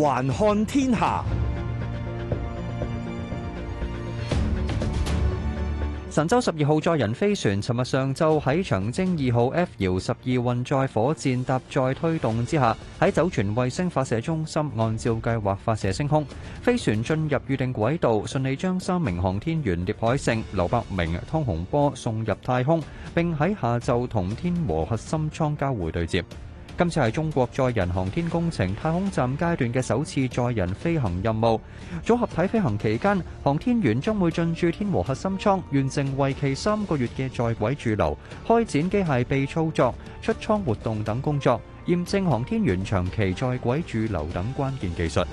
環看天下，神舟十二號載人飛船尋日上晝喺長征二號 F 遙十二運載火箭搭載推動之下，喺酒泉衛星發射中心按照計劃發射升空，飛船進入預定軌道，順利將三名航天員聶海勝、劉伯明、湯洪波送入太空，並喺下晝同天和核心艙交會對接。今次是中國載人航天工程太空站階段的首次載人飛行任務，組合體飛行期間，航天員將會進駐天和核心艙，完成為期三個月的在軌駐留，開展機械臂操作、出艙活動等工作，驗證航天員長期在軌駐留等關鍵技術。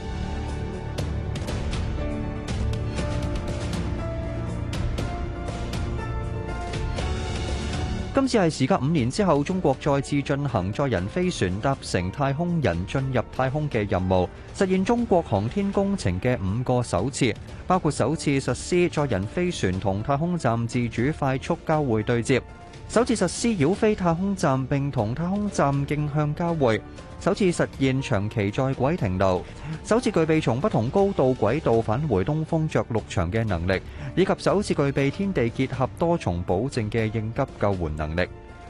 今次係時隔五年之後，中國再次進行載人飛船搭乘太空人進入太空嘅任務，實現中國航天工程嘅五個首次，包括首次實施載人飛船同太空站自主快速交會對接。首次實施繞飛太空站並同太空站徑向交會，首次實現長期在軌停留，首次具備從不同高度軌道返回東風着陸場嘅能力，以及首次具備天地結合多重保證嘅應急救援能力。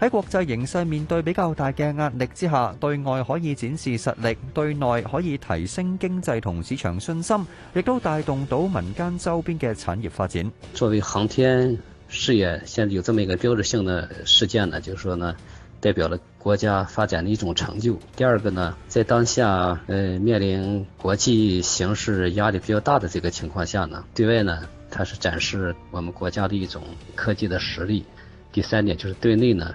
喺國際形勢面對比較大嘅壓力之下，對外可以展示實力，對內可以提升經濟同市場信心，亦都帶動到民間周邊嘅產業發展。作為航天事業，現在有這麼一個標誌性的事件呢，就是說呢，代表了國家發展的一種成就。第二個呢，在當下，呃，面臨國際形勢壓力比較大的這個情況下呢，對外呢，它是展示我們國家的一種科技的實力。第三點就是對內呢。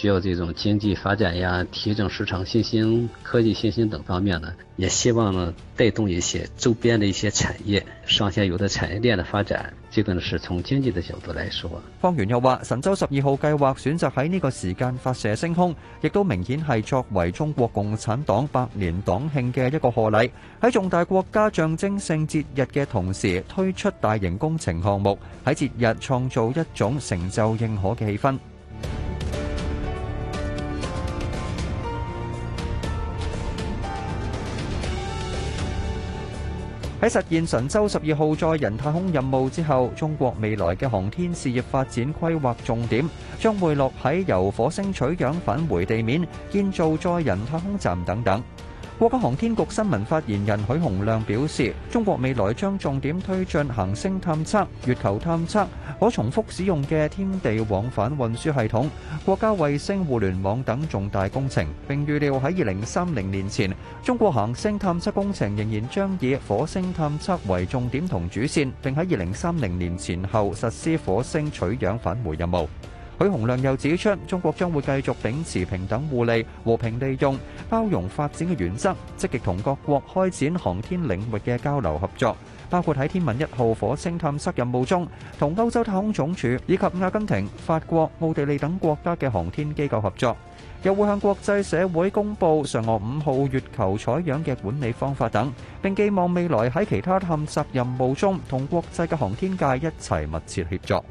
需要這種經濟發展呀，提振市場信心，科技信心等方面呢，也希望呢帶動一些周邊的一些產業，上下游的產業鏈的發展。這個呢是從經濟的角度來說。方圓又話，神舟十二號計劃選擇喺呢個時間發射升空，亦都明顯係作為中國共產黨百年黨慶嘅一個賀禮。喺重大國家象徵性節日嘅同時，推出大型工程項目，喺節日創造一種成就認可嘅氣氛。喺實現神舟十二號載人太空任務之後，中國未來嘅航天事業發展規劃重點將會落喺由火星取樣返回地面、建造載人太空站等等。國家航天局新聞發言人許洪亮表示，中國未來將重點推進行星探測、月球探測、可重複使用的天地往返運輸系統、國家衛星互聯網等重大工程，並預料在2030年前，中國行星探測工程仍然將以火星探測為重點同主線，並在2030年前後實施火星取樣返回任務。許洪亮又指出，中國將會繼續秉持平等互利、和平利用、包容發展嘅原則，積極同各國開展航天領域嘅交流合作。包括喺天問一號火星探測任務中，同歐洲太空總署以及阿根廷、法國、奧地利等國家嘅航天機構合作。又會向國際社會公佈嫦娥五號月球採樣嘅管理方法等，並寄望未來喺其他探索任務中，同國際嘅航天界一齊密切協作。